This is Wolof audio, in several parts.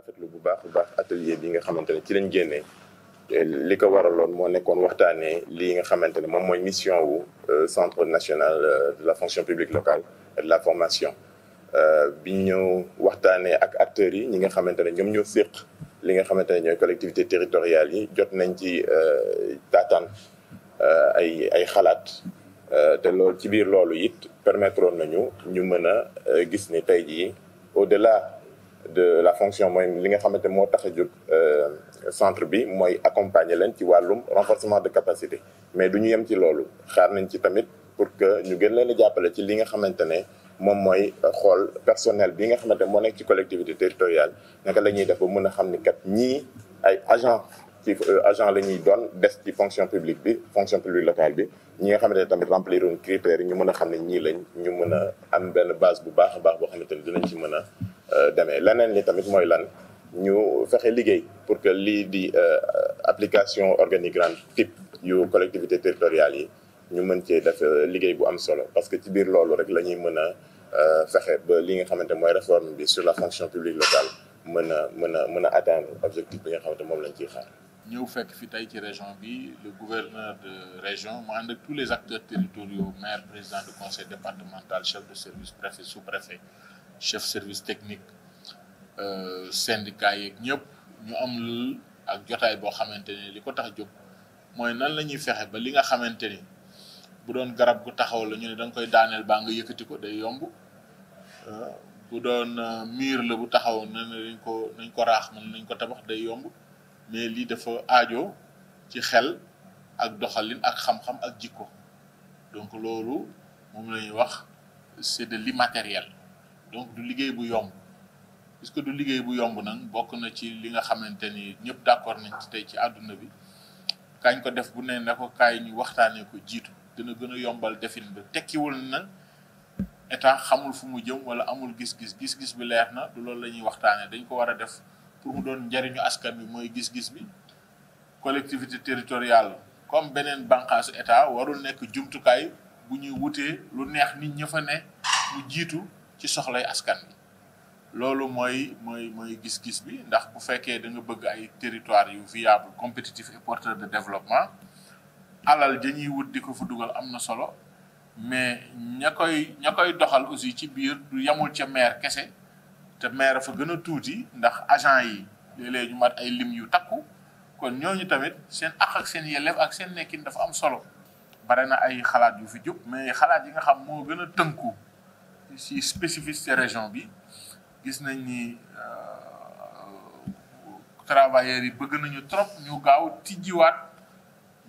rafetlu bu baax bu baax atelier bi nga xamante ne ci lañ génnee li ko waraloon moo nekkoon waxtaanee lii nga xamante ne moom mooy mission wu euh, centre national euh, de la fonction publique locale de la formation euh, bi ñu waxtaanee ak acteurs yi ñi nga xamante ne ñoom ñoo séq li nga xamante ne ñooy collectivité territoriale yi jot nañ ci taataan ay ay xalaat te loolu ci biir loolu it permettre nañu ñu mën a gis ni tey jii au delà de la fonction mooy li nga xamante moo tax a jóg euh, centre bi mooy accompagner leen ci wàllum renforcement de capacité mais du ñu yem ci loolu xaar nañ ci tamit pour que ñu gën leen a jàppale ci li nga xamante ne moom mooy xool personnel bi nga xamante moo nekk ci collectivité territoriale naka la ñuy def ba mën a xam ni kat ñii ay agent ci euh, agent la ñuy doon des ci fonction publique bi fonction publique locale bi ñi nga xamante ne tamit remplir woon critères yi ñu mën a xam ne ñii lañ ñu mën a am benn base bu baax a baax boo xamante ne dinañ ci mën a Euh, demee leneen li tamit mooy lan ñu fexe liggéey pour que lii di euh, application organigramme type yu collectivité territoriale yi ñu mën cee def euh, liggéey bu am solo parce que ci biir loolu rek la ñuy mën a fexe ba li nga xamante mooy réforme bi sur la fonction publique locale mën a mën a mën a atteindre objectif bi nga xamante moom lañ ciy xaar. ñëw fekk fi tey ci région bi le gouverneur de région mu ànd ak tous les acteurs territoriaux maire président du conseil service préfet sous-préfet. chef service technique euh, syndicat yeeg ñëpp ñu am ak jotaay boo xamante ne li ko tax jóg mooy nan la ñuy fexe ba li nga xamante ni bu doon garab gu taxaw la ñu ne danga koy daaneel baa nga yëkkati ko day yomb euh, bu doon euh, miir la bu taxaw na nañ ko nañ ko raax mën nañ ko tabax day yomb mais lii dafa aajo ci xel ak doxalin ak xam-xam ak jikko donc loolu moom lañuy wax c'est de li l'immatériel donc du liggéey bu yomb puisque du liggéey bu yomb nag bokk na ci li nga xamante ni ñëpp d'accord nañ ci tey ci àdduna bi kañ ko def bu ne na ko kaay waxtaanee ko jiitu dina gën a yombal defin ba tekkiwul na état xamul fu mu jëm wala amul gis-gis gis-gis bi leer na du loolu la ñuy waxtaanee dañ ko war a def pour doon njariñu askan bi mooy gis-gis bi collectivité territoriale comme beneen bànqaasu état warul nekk jumtukaay bu ñuy wutee lu neex ni ña fa ne mu jiitu ci soxlay askan bi loolu mooy mooy mooy gis-gis bi ndax bu fekkee da bëgg ay territoire yu viable compétitif et porteur de développement alal dañuy wut di ko fu dugal am na solo mais ña koy ña koy doxal aussi ci biir du yamul ca maire kese te maire fa gën a tuuti ndax agent yi léeg ñu mat ay lim yu takku kon ñooñu tamit seen àq ak seen yelleef ak seen nekkin dafa am solo bare na ay xalaat yu fi jub mais xalaat yi nga xam moo gën a tënku si ci région bi gis nañ ni euh, travailleurs yi bëgg nañu trop ñu gaaw tijjiwaat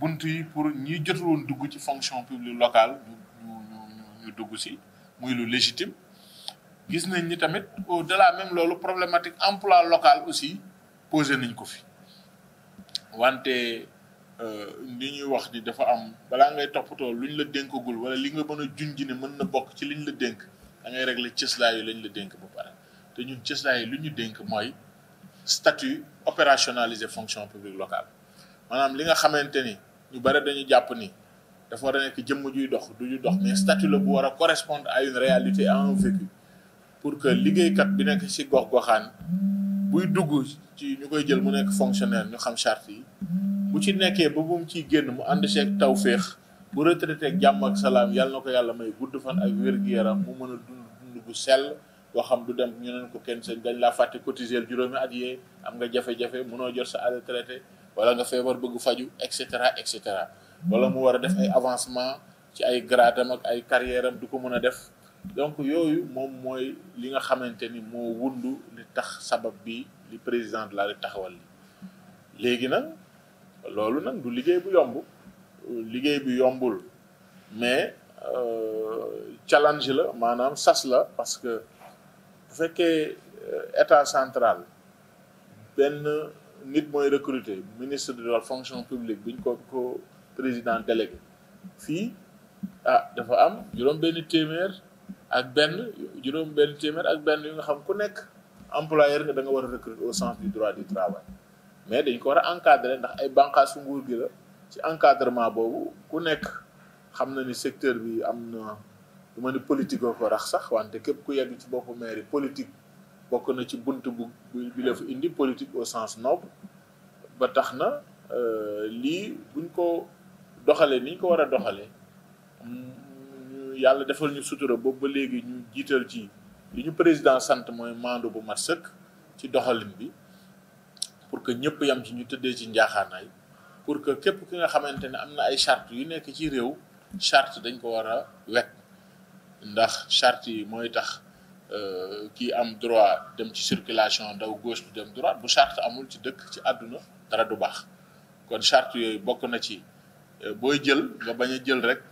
bunt yi pour ñi jotul woon dugg ci fonction publique locale ñu ñu dugg si muy lu légitime gis nañ ni tamit au delà même loolu problématique emploi local aussi posé nañ ko fi wante euh, li ñuy wax ni dafa am balaa ngay toppatoo luñ la dénkagul wala li nga mën a ji ne mën na bokk ci liñ la dénk da ngay réglé cëslaay yi lañ la dénk ba pare te ñun cëslaay yi lu ñu dénk mooy statut opérationnalisé fonction publique locale maanaam li nga xamante ni ñu bare dañu jàpp ni dafa war a nekk jëmm juy dox du ñu dox mais statut la bu war a correspondre à une réalité à un pour que liggéeykat bi nekk ci gox goxaan buy dugg ci ñu koy jël mu nekk fonctionnaire ñu xam chart yi bu ci nekkee ba bu mu ciy génn mu ànd seeg tawféex bu retraité ak jàmm ak salaam yàlla ko yàlla may gudd fan ak wér-gu-yaram mu mën a dund dund bu sell boo xam du dem ñu neen ko kenn seen dañ laa fàtte cotiser juróomi at yee am nga jafe-jafe noo jot sa àll traité wala nga feebar bëgg faju et cetera et cetera wala mu war a def ay avancement ci ay gradam ak ay carrière am du ko mën a def donc yooyu moom mooy li nga xamante ni moo wundu li tax sabab bi li président de la République taxawal li léegi nag loolu nag du liggéey bu yomb liggéey bi yombul mais euh, challenge la maanaam sas la parce que bu fekkee euh, état central benn nit mooy recruter ministre de la fonction publique bi ñu ko ko président délégué fii ah dafa am juróom benn téeméer ak benn juróom benn téeméer ak benn yu nga xam ku nekk employeur nga da nga war a recruter au sens du droit du travail mais dañ ko war a encadrer ndax ay bànqaas su nguur gi la ci encadrement boobu ku nekk xam na ni secteur bi am na lu ma ni politique ko rax sax wante képp ku yegg ci boppu mairie politique bokk na ci bunt bu bi la indi politique au sens noble ba tax na euh, lii buñ ko doxalee ni ko war a doxalee yàlla defal ñu sutura boobu ba léegi ñu jiital ci li ñu président sant mooy maandu bu mat sëkk ci doxalin bi pour que ñëpp yam ci ñu tëddee ci njaaxaanaay pour que képp ki nga xamante ne am na ay charte yu nekk ci réew charte dañ ko war a wekk ndax charte yi mooy tax euh, ki am droit dem ci circulation daw gauche bi dem droite bu charte amul ci dëkk ci àdduna dara du baax kon charte yooyu bokk na ci euh, booy jël nga bañ a jël rek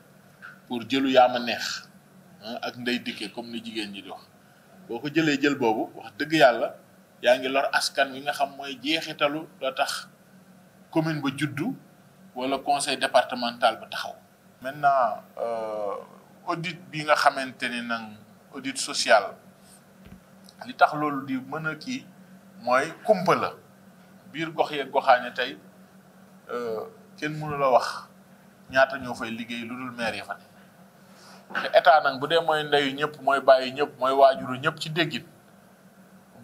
pour jëlu yaama neex ak ndey dikkee comme ni jigéen ñi di wax boo ko jëlee jël boobu wax dëgg yàlla yaa ngi lor askan wi nga xam mooy jeexitalu la tax commune ba juddu wala conseil départemental ba taxaw. maintenant euh, audit bi nga xamante ni nag audit social li tax loolu di mën a kii mooy kumpa la biir gox yeeg goxaaña tey euh, kenn mënu la wax ñaata ñoo fay liggéey lu dul maire yi fa ne te état nag bu dee mooy ndeyu ñëpp mooy bàyyi ñëpp mooy waajuru ñëpp ci déggit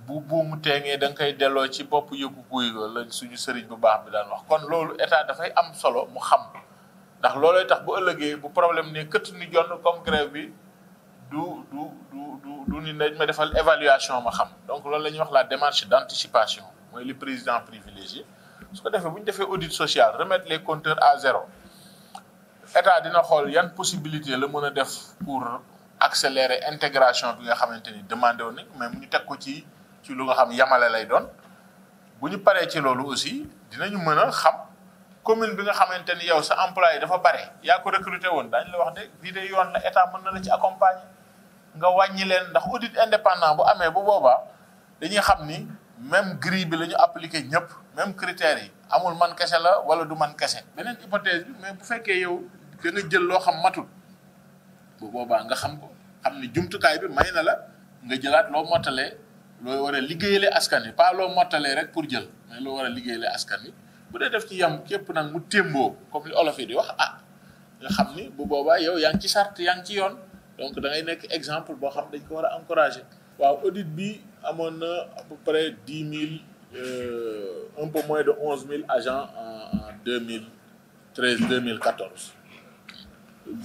bu buumu teengee da nga koy delloo ci bopp yëgu guy la suñu sëriñ bu baax bi daan wax kon loolu état dafay am solo mu xam ndax loolooy tax bu ëllëgee bu problème ne këtt ni jonn comme grève bi du du du du ma defal évaluation ma xam donc loolu la ñuy wax la démarche d'anticipation mooy li président privilégié su ko defee bu ñu defee audit social remettre les compteurs à zéro état dina xool yan possibilité la mën a def pour accélérer intégration bi nga xamante ni demandé woon nañ mais ñu teg ko ci ci lu xam yamale lay doon bu ñu paree ci loolu aussi dinañu mën a xam commune bi nga xamante ni yow sa employé dafa bare yaa ko recruté woon daañu la wax de fii de yoon la état mën na la ci accompagne nga wàññi leen ndax audit indépendant bu amee bu boobaa dañuy xam ni même grille bi la ñu appliqué ñëpp même critères yi amul man kese la wala du man kese beneen hypothèse bi mais bu fekkee yow da nga jël loo xam matul bu boobaa nga xam ko xam ni jumtukaay bi may na la nga jëlaat loo mottalee loo war a liggéeyale askan wi pas loo mottalee rek pour jël mais loo war a liggéeyale askan wi bu dee def ci yam képp nag mu témboo comme li olof yi di wax a ah, nga xam ni bu boobaa yow yaa ngi ci sart yaa ngi ci yoon donc da nekk exemple boo xam dañ ko war a encourager. waaw audit bi amoon na à peu près dix mille euh, un peu moins de onze mille agent en deux mille treize deux mille quatorze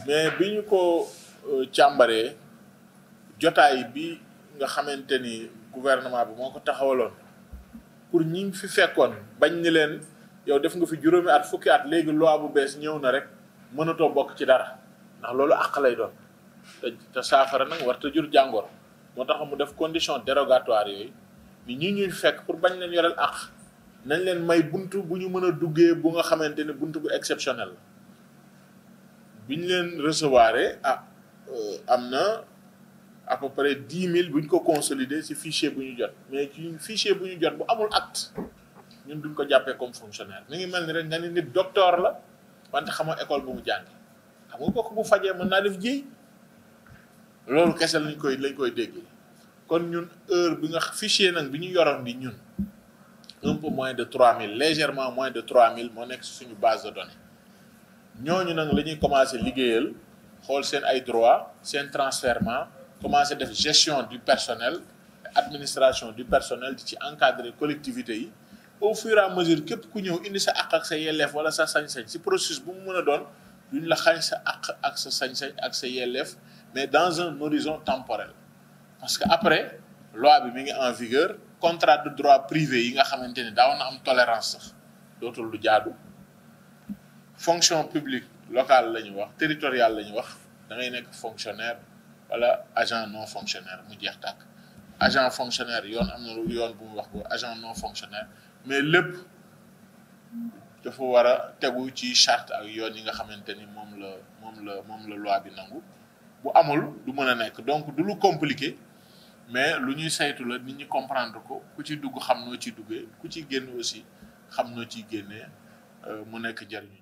mais bi ñu ko euh, càmbaree jotaay bi. nga xamante ni gouvernement bi moo ko taxawaloon pour ñi fi fekkoon bañ ni leen yow def nga fi juróomi at fukki at léegi loi bu bees ñëw na rek mënatoo bokk ci dara ndax loolu àq lay doon te te saafara nag war te jur jàngoor moo tax mu def condition derogatoire yooyu ni ñi ñuy fekk pour bañ leen yoreel àq nañ leen may bunt bu ñu mën a duggee bu nga xamante ni bunt bu exceptionnel la ñu leen recevoir ah euh, am na à peu près dix mille bu ñu ko consolider ci fichier bu ñu jot mais ci fichier bu ñu jot bu amul acte ñun duñ ko jàppee comme fonctionnaire mi ngi mel ni rek nga ni nit docteur la wante xamoo école bu mu jàng xam nga kooku bu fajee mën naa def jiy loolu kese lañ koy lañ koy déggee kon ñun heure bi nga fichier nan bi ñu yoroon bi ñun un moins de trois mille légèrement moins de trois mille moo nekk suñu base de données ñooñu nag lañuy ñuy commencé liggéeyal xool seen ay droit seen transfèrement commencé def gestion du personnel administration du personnel di ci encadrer collectivité yi au fur à mesure képp ku ñëw indi sa àq ak sa yelleef wala sa sañ-sañ si processus bu mu mën a doon duñ la xañ sa àq ak sa sañ-sañ ak sa yelleef mais dans un horizon temporel parce que après loi bi mi ngi en vigueur contrat de droit privé yi nga xamante ni daaw na am tolérance sax dootul lu jaadu fonction publique locale la ñu wax territoriale la ñu wax da ngay nekk fonctionnaire wala agent non fonctionnaire mu jeex tàkk agent fonctionnaire yoon am na lu yoon bu mu wax ko agent non fonctionnaire mais lépp dafa war a tegu ci charte ak yoon yi nga xamante ni moom la moom la moom la loi bi nangu bu amul du mën a nekk donc du lu compliqué mais lu ñuy saytu la nit ñi comprendre ko ku ci dugg xam noo ci duggee ku ci génn aussi xam noo ciy génnee euh, mu nekk jariñu